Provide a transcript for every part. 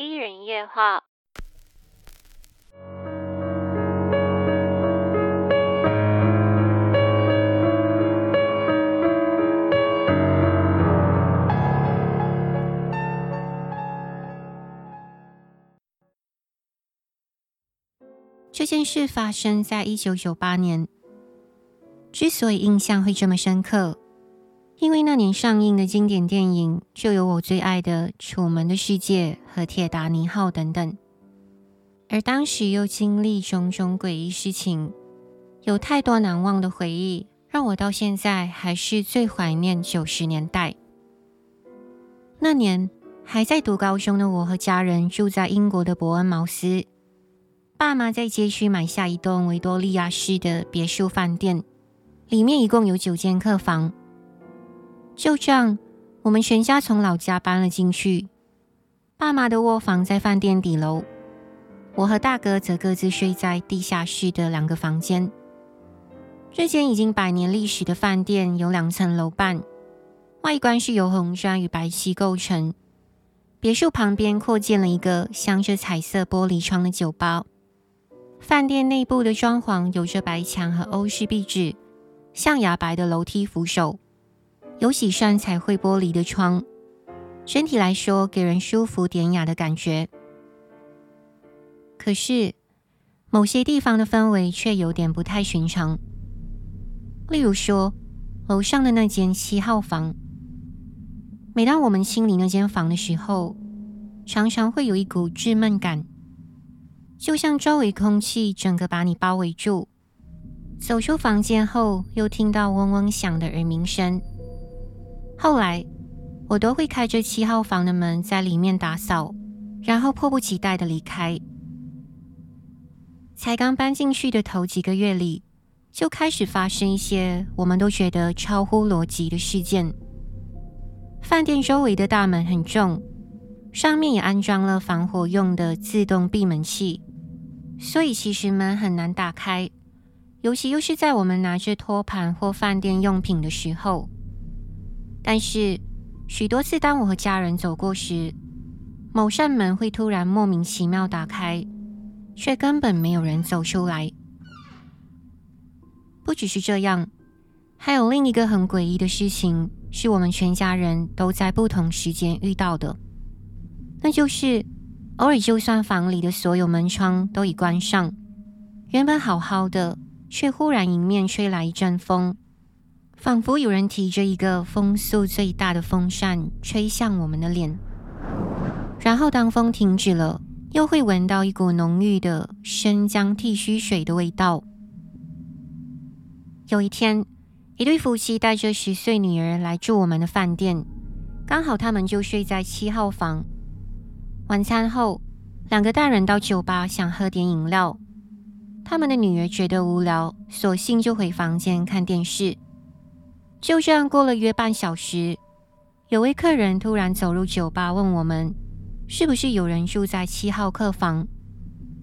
伊人夜話。這件事發生在一九九八年，之所以印象會這麼深刻。因為那年上映的經典電影就有我最愛的《楚門的世界》和《鐵達尼號》等等，而當時又經歷種種詭異事情，有太多難忘的回憶，讓我到現在還是最懷念九十年代。那年還在讀高中的我，和家人住在英國的伯恩茅斯，爸媽在街區買下一棟維多利亞式的別墅飯店，裡面一共有九間客房。就這樣，我們全家從老家搬了進去。爸媽的臥房在飯店底樓，我和大哥則各自睡在地下室的兩個房間。這間已經百年歷史的飯店有兩層樓半，外觀是由紅磚與白漆構成。別墅旁邊擴建了一個鑲着彩色玻璃窗的酒吧。飯店內部的裝潢有着白牆和歐式壁紙，象牙白的樓梯扶手。有幾扇彩繪玻璃的窗，整體來說，給人舒服典雅的感覺。可是，某些地方的氛圍卻有點不太尋常。例如說，樓上的那間七號房。每當我們清理那間房的時候，常常會有一股致悶感，就像周圍空氣整個把你包圍住。走出房間後，又聽到嗡嗡響的耳鳴聲。後來，我都會開着七號房的門，在裡面打掃，然後迫不及待地離開。才剛搬進去的頭幾個月裡，就開始發生一些我們都覺得超乎邏輯的事件。飯店周圍的大門很重，上面也安裝了防火用的自動閉門器，所以其實門很難打開，尤其又是在我們拿着托盤或飯店用品的時候。但是，許多次當我和家人走過時，某扇門會突然莫名其妙打開，卻根本沒有人走出來。不只是這樣，還有另一個很詭異的事情，是我們全家人都在不同時間遇到的，那就是偶爾就算房裡的所有門窗都已關上，原本好好的，卻忽然迎面吹來一陣風。仿佛有人提着一個風速最大的風扇吹向我們的臉，然後當風停止了，又會聞到一股濃郁的生薑剃鬚水的味道。有一天，一對夫妻帶着十歲女兒來住我們的飯店，剛好他們就睡在七號房。晚餐後，兩個大人到酒吧想喝點飲料，他們的女兒覺得無聊，索性就回房間看電視。就這樣過了約半小時，有位客人突然走入酒吧，問我們：“是不是有人住在七號客房？”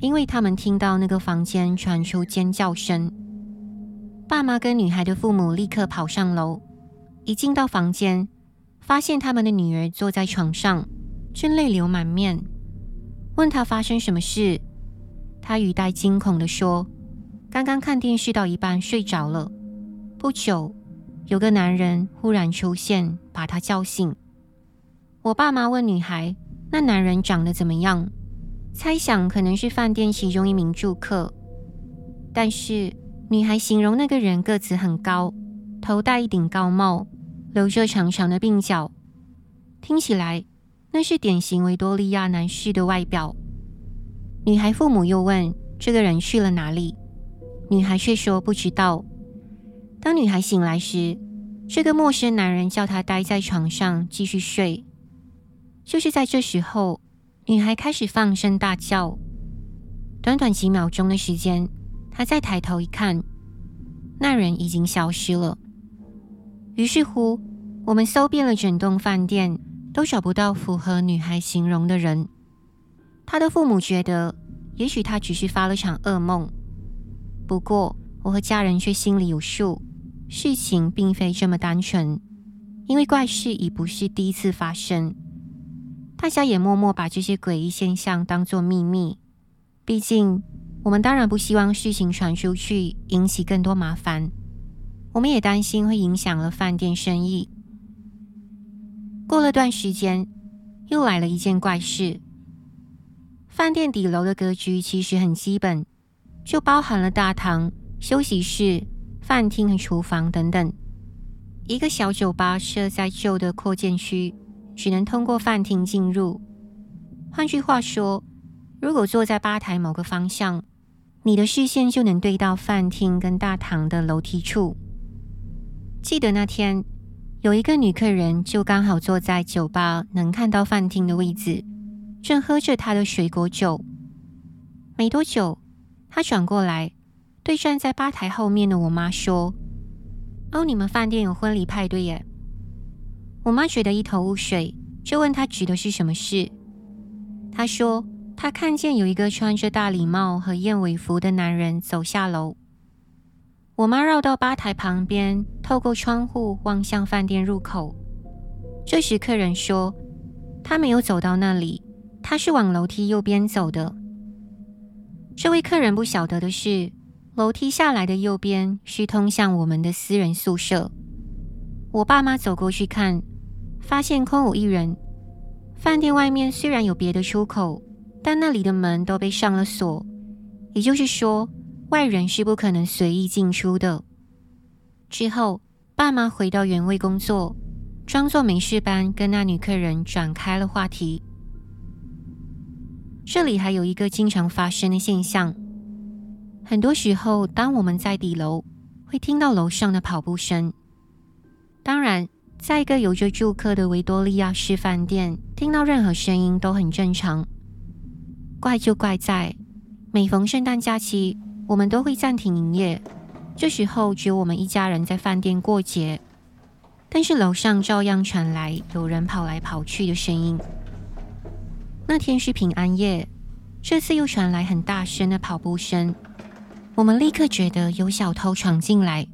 因為他們聽到那個房間傳出尖叫聲。爸媽跟女孩的父母立刻跑上樓，一進到房間，發現他們的女兒坐在床上，正淚流滿面。問她發生什麼事，她語帶驚恐地說：“剛剛看電視到一半睡着了，不久。”有個男人忽然出現，把他叫醒。我爸媽問女孩：“那男人長得怎麼樣？”猜想可能是飯店其中一名住客，但是女孩形容那個人個子很高，頭戴一頂高帽，留着長長的鬢角，聽起來那是典型維多利亞男士的外表。女孩父母又問：“這個人去了哪裡？”女孩卻說：“不知道。”當女孩醒來時，這個陌生男人叫她待在床上繼續睡。就是在這時候，女孩開始放聲大叫。短短幾秒鐘的時間，她再抬頭一看，那人已經消失了。於是乎，我們搜遍了整棟飯店，都找不到符合女孩形容的人。她的父母覺得，也許她只是發了場噩夢。不過，我和家人卻心裡有數。事情並非這麼單純，因為怪事已不是第一次發生。大家也默默把這些詭異現象當作秘密，畢竟我們當然不希望事情傳出去引起更多麻煩。我們也擔心會影響了飯店生意。過了段時間，又來了一件怪事。飯店底樓的格局其實很基本，就包含了大堂、休息室、飯廳和廚房等等，一個小酒吧設在舊的擴建區，只能通過飯廳進入。換句話說，如果坐在吧台某個方向，你的視線就能對到飯廳跟大堂的樓梯處。記得那天，有一個女客人就剛好坐在酒吧能看到飯廳的位置，正喝着她的水果酒。沒多久，她轉過來。對站在吧台後面的我媽說：“哦，你們飯店有婚禮派對耶？”我媽覺得一頭霧水，就問她指的是什麼事。她說：“她看見有一個穿着大禮帽和燕尾服的男人走下樓。”我媽繞到吧台旁邊，透過窗戶望向飯店入口。這時，客人說：“他沒有走到那裡，他是往樓梯右邊走的。”這位客人不曉得的是，樓梯下來的右邊是通向我們的私人宿舍。我爸媽走過去看，發現空無一人。飯店外面雖然有別的出口，但那裡的門都被上了鎖，也就是說，外人是不可能隨意進出的。之後，爸媽回到原位工作，裝作沒事般跟那女客人轉開了話題。這裡還有一個經常發生的現象。很多時候，當我們在底樓會聽到樓上的跑步聲。當然，在一個有着住客的維多利亞式飯店，聽到任何聲音都很正常。怪就怪在每逢聖誕假期，我們都會暫停營業，這時候只有我們一家人在飯店過節，但是樓上照樣傳來有人跑來跑去的聲音。那天是平安夜，這次又傳來很大聲的跑步聲。我們立刻覺得有小偷闖進來，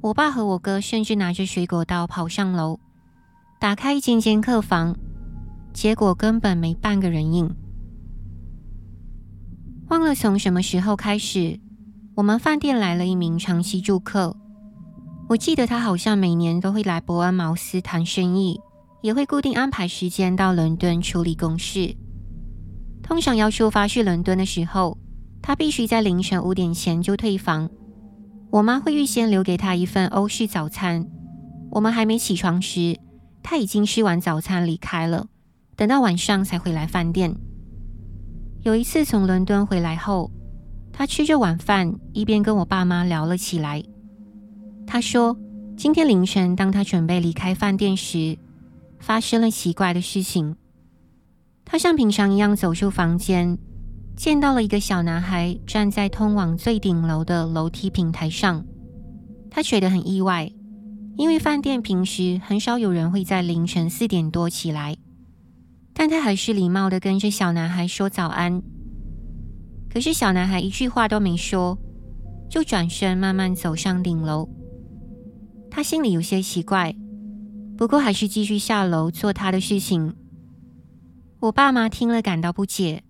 我爸和我哥甚至拿着水果刀跑上樓，打開一間間客房，結果根本沒半個人影。忘了從什麼時候開始，我們飯店來了一名長期住客，我記得他好像每年都會來伯恩茅斯談生意，也會固定安排時間到倫敦處理公事，通常要出發去倫敦的時候，他必須在凌晨五點前就退房。我媽會預先留給他一份歐式早餐。我們還沒起床時，他已經吃完早餐離開了。等到晚上才回來飯店。有一次從倫敦回來後，他吃着晚飯，一邊跟我爸媽聊了起來。他說，今天凌晨當他準備離開飯店時，發生了奇怪的事情。他像平常一樣走出房間。見到了一個小男孩站在通往最頂樓的樓梯平台上，他覺得很意外，因為飯店平時很少有人會在凌晨四點多起來。但他還是禮貌地跟這小男孩說早安。可是小男孩一句話都沒說，就轉身慢慢走上頂樓。他心裡有些奇怪，不過還是繼續下樓做他的事情。我爸媽聽了感到不解。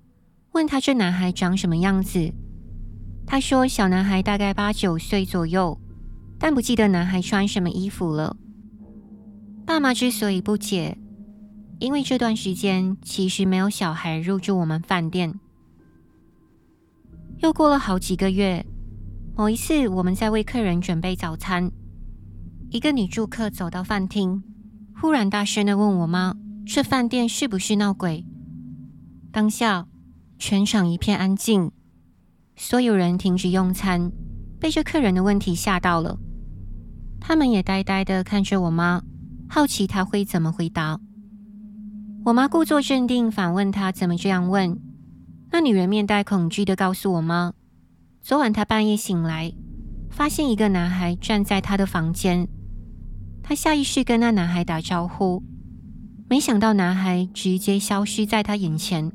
問他這男孩長什麼樣子？他說：“小男孩大概八九歲左右，但不記得男孩穿什麼衣服了。”爸媽之所以不解，因為這段時間其實沒有小孩入住我們飯店。又過了好幾個月，某一次我們在為客人準備早餐，一個女住客走到飯廳，忽然大聲地問我媽：“這飯店是不是鬧鬼？”當下，全場一片安靜，所有人停止用餐，被這客人的問題嚇到了。他們也呆呆的看着我媽，好奇她會怎麼回答。我媽故作鎮定，反問她怎麼這樣問。那女人面帶恐懼的告訴我媽：“昨晚她半夜醒來，發現一個男孩站在她的房間，她下意識跟那男孩打招呼，沒想到男孩直接消失在她眼前。”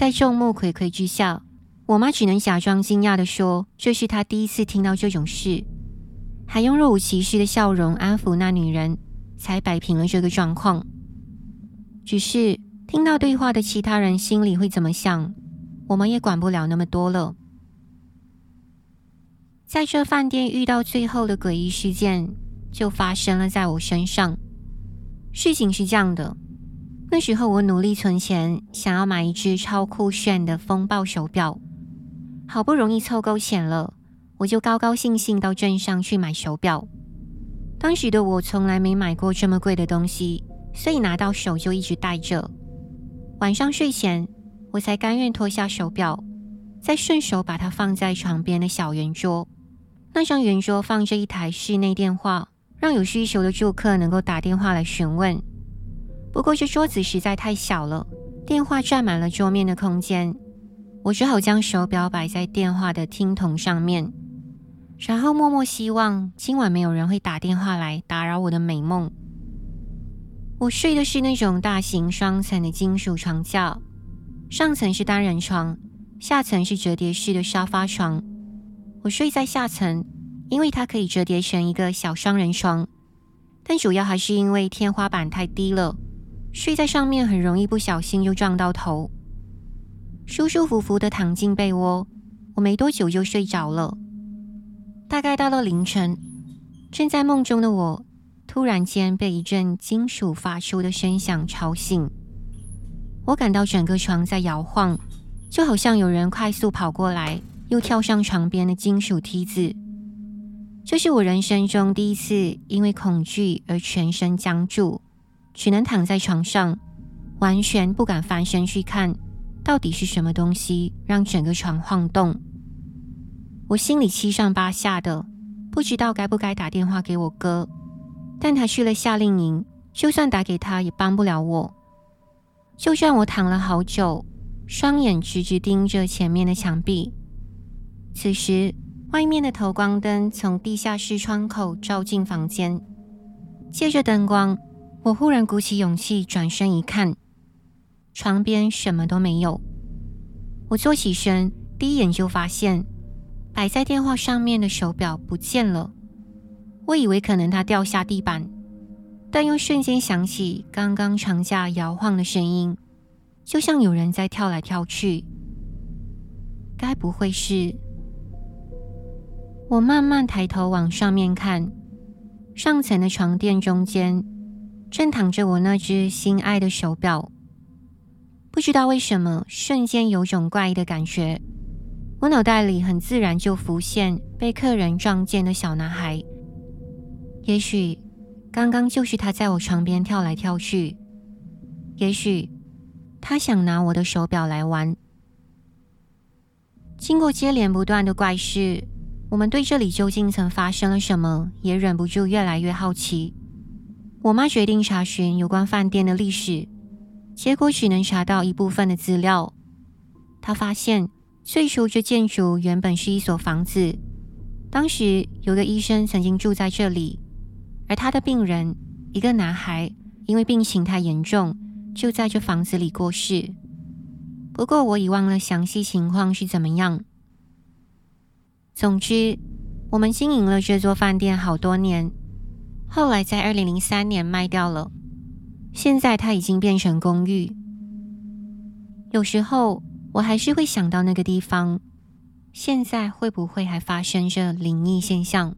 在眾目睽睽之下，我媽只能假裝驚訝地說：“這是她第一次聽到這種事。”還用若無其事的笑容安撫那女人，才擺平了這個狀況。只是聽到對話的其他人心裡會怎麼想，我們也管不了那麼多了。在這飯店遇到最後的詭異事件，就發生了在我身上。事情是這樣的。那時候我努力存錢，想要買一隻超酷炫的風暴手錶。好不容易湊夠錢了，我就高高興興到鎮上去買手錶。當時的我從來沒買過這麼貴的東西，所以拿到手就一直戴着。晚上睡前，我才甘願脫下手錶，再順手把它放在床邊的小圓桌。那張圓桌放着一台室內電話，讓有需求的住客能夠打電話來詢問。不過這桌子實在太小了，電話占滿了桌面的空間，我只好將手表擺在電話的聽筒上面，然後默默希望今晚沒有人會打電話來打擾我的美夢。我睡的是那種大型雙層的金屬床架，上層是單人床，下層是折疊式的沙發床。我睡在下層，因為它可以折疊成一個小雙人床，但主要還是因為天花板太低了。睡在上面很容易不小心就撞到頭，舒舒服服的躺進被窩，我沒多久就睡着了。大概到了凌晨，正在夢中的我，突然間被一陣金屬發出的聲響吵醒。我感到整個床在搖晃，就好像有人快速跑過來，又跳上床邊的金屬梯子。這是我人生中第一次因為恐懼而全身僵住。只能躺在床上，完全不敢翻身去看，到底是什麼東西讓整個床晃動。我心裡七上八下的，不知道該不該打電話給我哥，但他去了夏令營，就算打給他也幫不了我。就算我躺了好久，雙眼直直盯着前面的牆壁。此時，外面的投光燈從地下室窗口照進房間，借着燈光。我忽然鼓起勇氣轉身一看，床邊什麼都沒有。我坐起身，第一眼就發現擺在電話上面的手錶不見了。我以為可能它掉下地板，但又瞬間想起剛剛床架搖晃的聲音，就像有人在跳來跳去。該不會是……我慢慢抬頭往上面看，上層的床墊中間。正躺着我那隻心愛的手表，不知道為什麼，瞬間有種怪異的感覺。我腦袋裡很自然就浮現被客人撞見的小男孩。也許剛剛就是他在我床邊跳來跳去。也許他想拿我的手錶來玩。經過接連不斷的怪事，我們對這裡究竟曾發生了什麼，也忍不住越來越好奇。我媽決定查詢有關飯店的歷史，結果只能查到一部分的資料。她發現最初這建築原本是一所房子，當時有個醫生曾經住在這裡，而他的病人，一個男孩，因為病情太嚴重，就在這房子裡過世。不過我已忘了詳細情況是怎麼樣。總之，我們經營了這座飯店好多年。後來在二零零三年賣掉了，現在它已經變成公寓。有時候我還是會想到那個地方，現在會不會還發生着靈異現象？